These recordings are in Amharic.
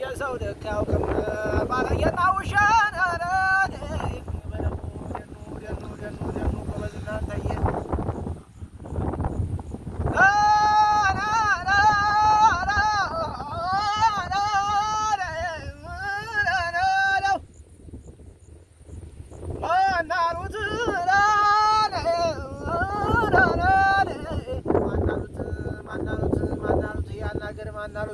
የሰው ልክ ያውቅም ባለጌታ ውሻ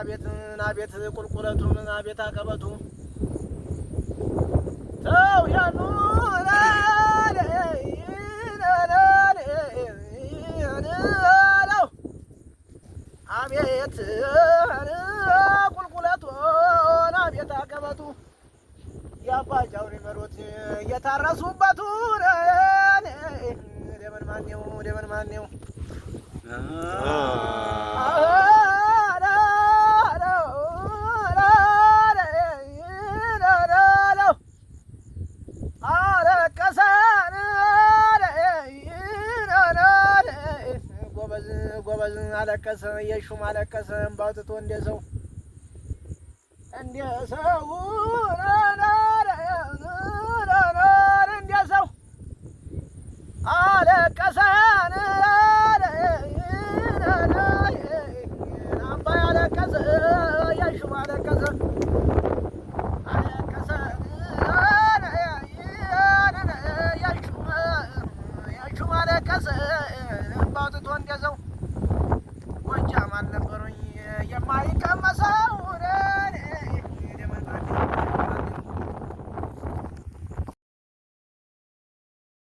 አቤት አቤት ቁልቁለቱን አቤት አቀበቱ ቁልቁለቱን አቤት አቀበቱ የአባጃው ሪመሮት እየታረሱበቱን ደመን ማነው ደመን ማነው አለቀሰ። የሹም አለቀሰ። እምባ አውጥቶ እንደ ሰው እንደ ሰው